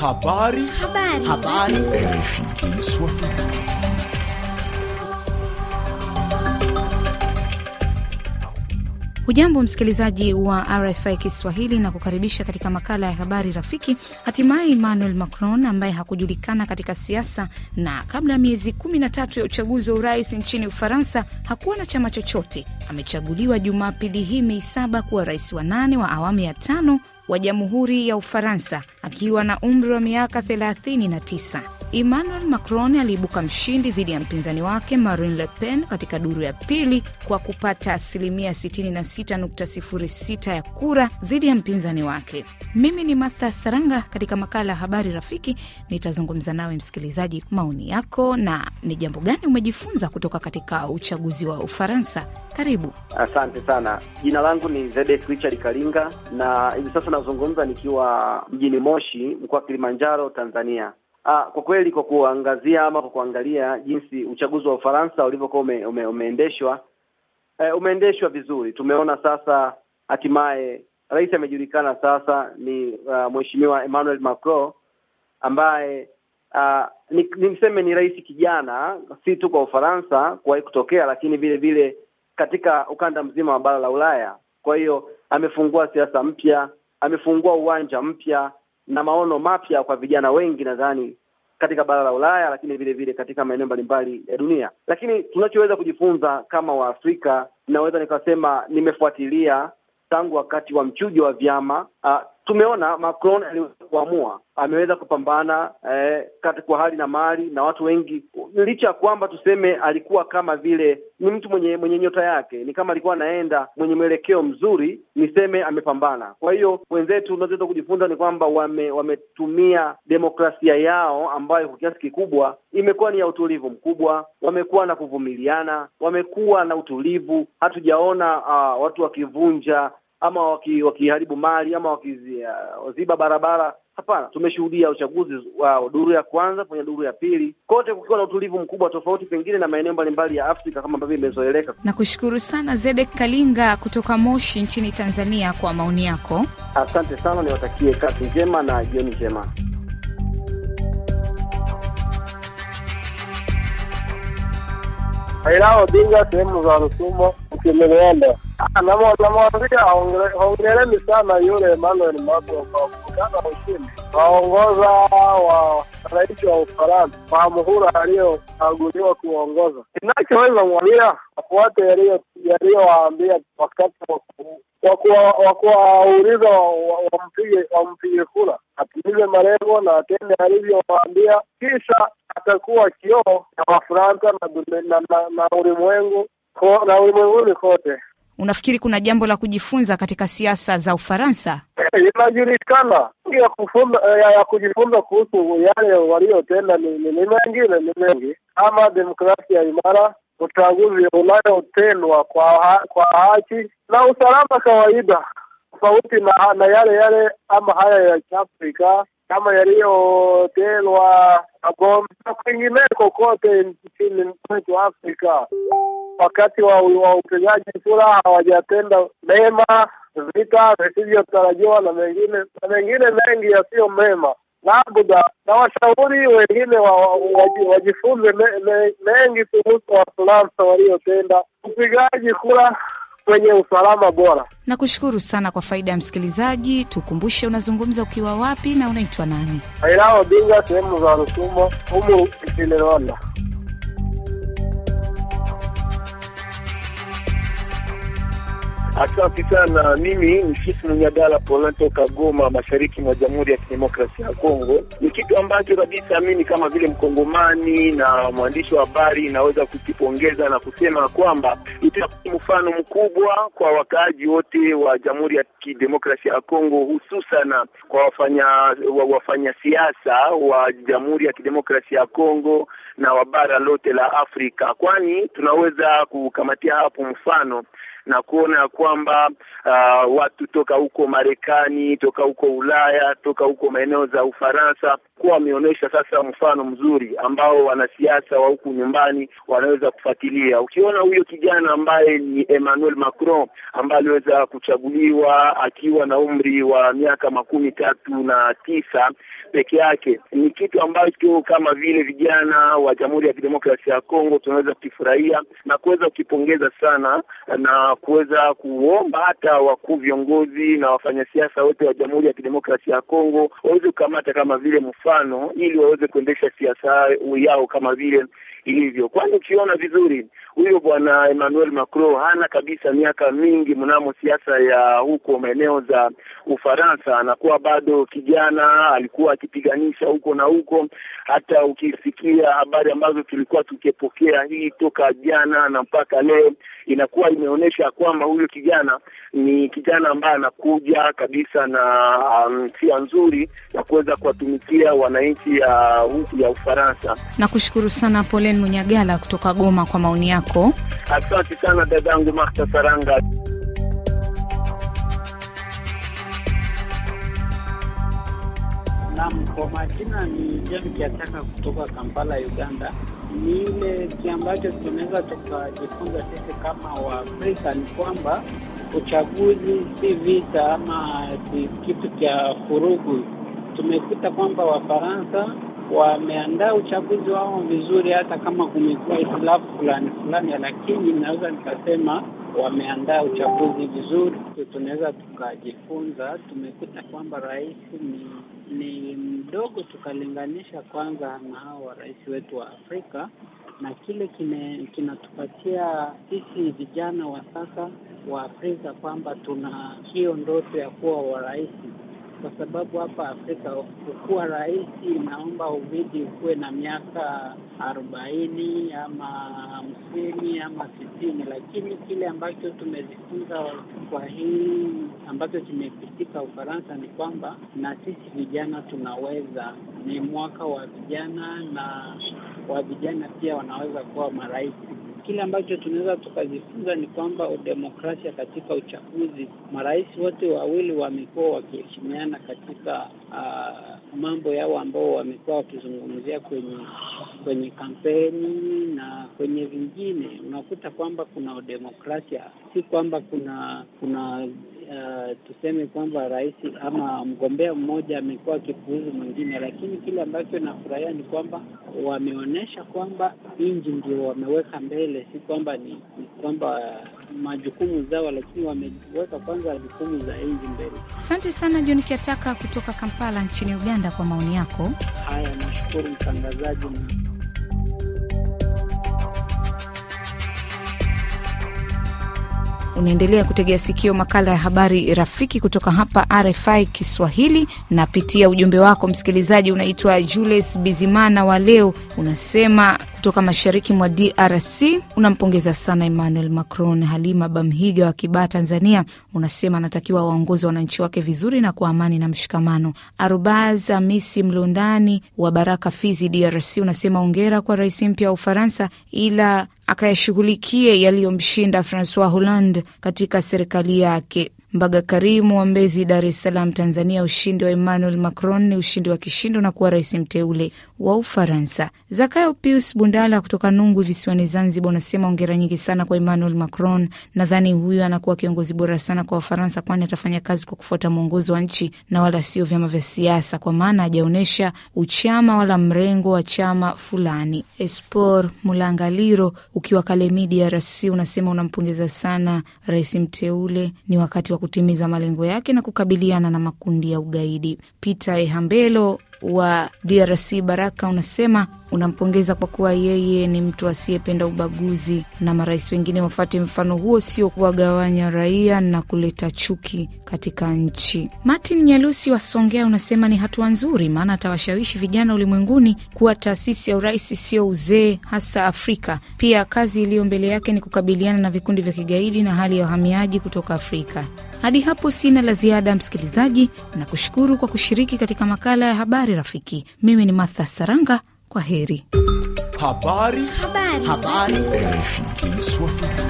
Habari. Habari. Habari. RFI Kiswahili. msikilizaji wa RFI Kiswahili na kukaribisha katika makala ya habari rafiki. Hatimaye Emmanuel Macron ambaye hakujulikana katika siasa na kabla ya miezi 13 ya uchaguzi wa urais nchini Ufaransa hakuwa na chama chochote, amechaguliwa Jumapili hii Mei saba kuwa rais wa nane wa awamu ya tano wa Jamhuri ya Ufaransa akiwa na umri wa miaka 39. Emmanuel Macron aliibuka mshindi dhidi ya mpinzani wake marin Le Pen katika duru ya pili kwa kupata asilimia 666 ya kura dhidi ya mpinzani wake. Mimi ni Martha Saranga. Katika makala ya Habari Rafiki nitazungumza nawe msikilizaji, maoni yako na ni jambo gani umejifunza kutoka katika uchaguzi wa Ufaransa. Karibu. Asante sana. Jina langu ni Zedek Richard Kalinga na hivi sasa nazungumza nikiwa mjini Moshi, mkoa wa Kilimanjaro, Tanzania. Ah, kwa kweli kwa kuangazia ama kwa kuangalia jinsi uchaguzi wa Ufaransa ulivyokuwa ume, ume, umeendeshwa e, umeendeshwa vizuri. Tumeona sasa hatimaye rais amejulikana sasa ni uh, mheshimiwa Emmanuel Macron ambaye uh, ni, ni mseme ni rais kijana si tu kwa Ufaransa kuwahi kutokea, lakini vile vile katika ukanda mzima wa bara la Ulaya. Kwa hiyo amefungua siasa mpya, amefungua uwanja mpya na maono mapya kwa vijana wengi nadhani katika bara la Ulaya, lakini vile vile katika maeneo mbalimbali ya dunia. Lakini tunachoweza kujifunza kama Waafrika, naweza nikasema nimefuatilia tangu wakati wa mchujo wa vyama ah, Tumeona Macron aliweza kuamua, ameweza kupambana eh, kati kwa hali na mali na watu wengi, licha ya kwamba tuseme alikuwa kama vile ni mtu mwenye mwenye nyota yake, ni kama alikuwa anaenda mwenye mwelekeo mzuri, niseme amepambana. Kwa hiyo wenzetu tunachoweza kujifunza ni kwamba wame, wametumia demokrasia yao ambayo kwa kiasi kikubwa imekuwa ni ya utulivu mkubwa, wamekuwa na kuvumiliana, wamekuwa na utulivu, hatujaona uh, watu wakivunja ama wakiharibu waki mali ama wakiziba uh, barabara. Hapana, tumeshuhudia uchaguzi wa wow, duru ya kwanza kwenye duru ya pili, kote kukiwa na utulivu mkubwa, tofauti pengine na maeneo mbalimbali ya Afrika kama ambavyo imezoeleka. Na kushukuru sana Zedek Kalinga kutoka Moshi nchini Tanzania kwa maoni yako, asante sana. Niwatakie kazi njema na jioni njema. Ailao Dinga, sehemu za Rusumo, Mkimelewanda. Namwambia hongereni sana yule Emmanuel Macron kwa ushindi, waongoza wa rais wa Ufaransa kwa muhula aliyochaguliwa kuongoza. Kinachoweza mwambia wafuate yaliyowaambia wakati wa kuwauliza wampige kura, atimize malengo na atende alivyowaambia, kisha atakuwa kioo na Wafaransa na ulimwengu na ulimwenguni kote. Unafikiri kuna jambo la kujifunza katika siasa za Ufaransa? Inajulikana ya eh, kujifunza kuhusu yale waliyotenda ni mengine, ni mengi kama demokrasia imara, uchaguzi unayotendwa kwa kwa haki na usalama kawaida, tofauti na, na yale yale ama haya ya Kiafrika kama yaliyotelwa Goma na kwingineko kote nchini mwetu Afrika wakati wa, wa upigaji kura hawajatenda mema, vita visivyotarajiwa na mengine na mengine mengi yasiyo mema. Labda na washauri wengine wajifunze mengi kuhusu Wafaransa waliotenda upigaji kura kwenye usalama bora. Nakushukuru sana. Kwa faida ya msikilizaji, tukumbushe unazungumza ukiwa wapi na unaitwa nani? Ailao sehemu za Rusumo, humu nchini Rwanda. Asante sana. Mimi ni sisi Mnyadala Polan toka Goma, mashariki mwa Jamhuri ya Kidemokrasia ya Kongo. Ni kitu ambacho kabisa mimi kama vile mkongomani na mwandishi wa habari naweza kukipongeza na kusema kwamba itakuwa mfano mkubwa kwa wakaaji wote wa Jamhuri ya Kidemokrasia ya Kongo, hususan kwa wafanya wa, wafanya siasa wa Jamhuri ya Kidemokrasia ya Kongo na wa bara lote la Afrika, kwani tunaweza kukamatia hapo mfano na kuona ya kwamba uh, watu toka huko Marekani, toka huko Ulaya, toka huko maeneo za Ufaransa kuwa wameonyesha sasa mfano mzuri ambao wanasiasa wa huku nyumbani wanaweza kufuatilia. Ukiona huyo kijana ambaye ni Emmanuel Macron ambaye aliweza kuchaguliwa akiwa na umri wa miaka makumi tatu na tisa peke yake, ni kitu ambacho kama vile vijana wa Jamhuri ya Kidemokrasia ya Kongo tunaweza kukifurahia na kuweza kukipongeza sana na kuweza kuomba hata wakuu viongozi na wafanyasiasa wote wa Jamhuri ya Kidemokrasia ya Kongo waweze kukamata kama vile mfano, ili waweze kuendesha siasa yao kama vile ilivyo. Kwani ukiona vizuri, huyo bwana Emmanuel Macron hana kabisa miaka mingi mnamo siasa ya huko maeneo za Ufaransa, anakuwa bado kijana, alikuwa akipiganisha huko na huko. Hata ukisikia habari ambazo tulikuwa tukipokea hii toka jana na mpaka leo, inakuwa imeonyesha kwamba huyo kijana ni kijana ambaye anakuja kabisa na njia um, nzuri ya kuweza kuwatumikia wananchi uh, ya Ufaransa. Nakushukuru sana pole Suleiman Munyagala kutoka Goma kwa maoni yako. Asante sana dadangu Martha Saranga. Naam, kwa majina ni Jemi Kiataka kutoka Kampala, Uganda. Ni ile ambacho tunaweza tukajifunza sisi kama Waafrika ni kwamba uchaguzi si vita ama si kitu cha furugu. Tumekuta kwamba Wafaransa wameandaa uchaguzi wao vizuri, hata kama kumekuwa hitilafu fulani fulani, lakini naweza nikasema wameandaa uchaguzi vizuri. Tunaweza tukajifunza, tumekuta kwamba rais ni, ni mdogo, tukalinganisha kwanza na hao rais wetu wa Afrika, na kile kinatupatia sisi vijana wa sasa wa Afrika kwamba tuna hiyo ndoto ya kuwa rais kwa sababu hapa Afrika ukuwa rais inaomba ubidi ukuwe na miaka arobaini ama hamsini ama sitini, lakini kile ambacho tumejifunza kwa hii ambacho kimepitika Ufaransa ni kwamba na sisi vijana tunaweza. Ni mwaka wa vijana na wa vijana pia wanaweza kuwa marais kile ambacho tunaweza tukajifunza ni kwamba demokrasia katika uchaguzi, marais wote wawili wamekuwa wakiheshimiana katika uh, mambo yao ambao wamekuwa wakizungumzia kwenye kwenye kampeni na kwenye vingine. Unakuta kwamba kuna demokrasia, si kwamba kuna kuna uh, tuseme kwamba rais ama mgombea mmoja amekuwa akipuuzi mwingine, lakini kile ambacho nafurahia ni kwamba wameonyesha kwamba nchi ndio wameweka mbele, si kwamba ni, ni kwamba majukumu zao, lakini wameweka kwanza jukumu za nchi mbele. Asante sana John Kiataka kutoka Kampala nchini Uganda kwa maoni yako haya. Nashukuru mtangazaji. Unaendelea kutegea sikio makala ya habari rafiki kutoka hapa RFI Kiswahili. Napitia ujumbe wako msikilizaji, unaitwa jules Bizimana wa leo, unasema kutoka mashariki mwa DRC unampongeza sana Emmanuel Macron. Halima Bamhiga wa Kibaa, Tanzania, unasema anatakiwa waongozi wananchi wake vizuri na kwa amani na mshikamano. Arubaz Amisi Mlundani wa Baraka, Fizi, DRC, unasema ongera kwa rais mpya wa Ufaransa, ila akayashughulikie yaliyomshinda Francois Hollande katika serikali yake. Mbaga Karimu wa Mbezi, Dar es Salaam, Tanzania. Ushindi wa Emmanuel Macron ni ushindi wa kishindo na kuwa rais mteule wa Ufaransa. Zakayo Pius Bundala kutoka Nungu visiwani Zanzibar unasema ongera nyingi sana kwa Emmanuel Macron. Nadhani huyu anakuwa kiongozi bora sana kwa Wafaransa, kwani atafanya kazi kwa kufuata mwongozo wa nchi na wala sio vyama vya siasa, kwa maana hajaonyesha uchama wala mrengo wa chama fulani. Espor Mulangaliro ukiwa Kalemie, DRC unasema unampongeza sana rais mteule, ni wakati wa kutimiza malengo yake na kukabiliana na makundi ya ugaidi. Peter Ehambelo wa DRC Baraka unasema unampongeza kwa kuwa yeye ni mtu asiyependa ubaguzi na marais wengine wafate mfano huo, sio kuwagawanya raia na kuleta chuki katika nchi. Martin Nyalusi wa Songea unasema ni hatua nzuri, maana atawashawishi vijana ulimwenguni kuwa taasisi ya urais sio uzee, hasa Afrika. Pia kazi iliyo mbele yake ni kukabiliana na vikundi vya kigaidi na hali ya wahamiaji kutoka Afrika. Hadi hapo sina la ziada, msikilizaji, na kushukuru kwa kushiriki katika makala ya habari rafiki. Mimi ni Martha Saranga, kwa heri. Habari. Habari. Habari.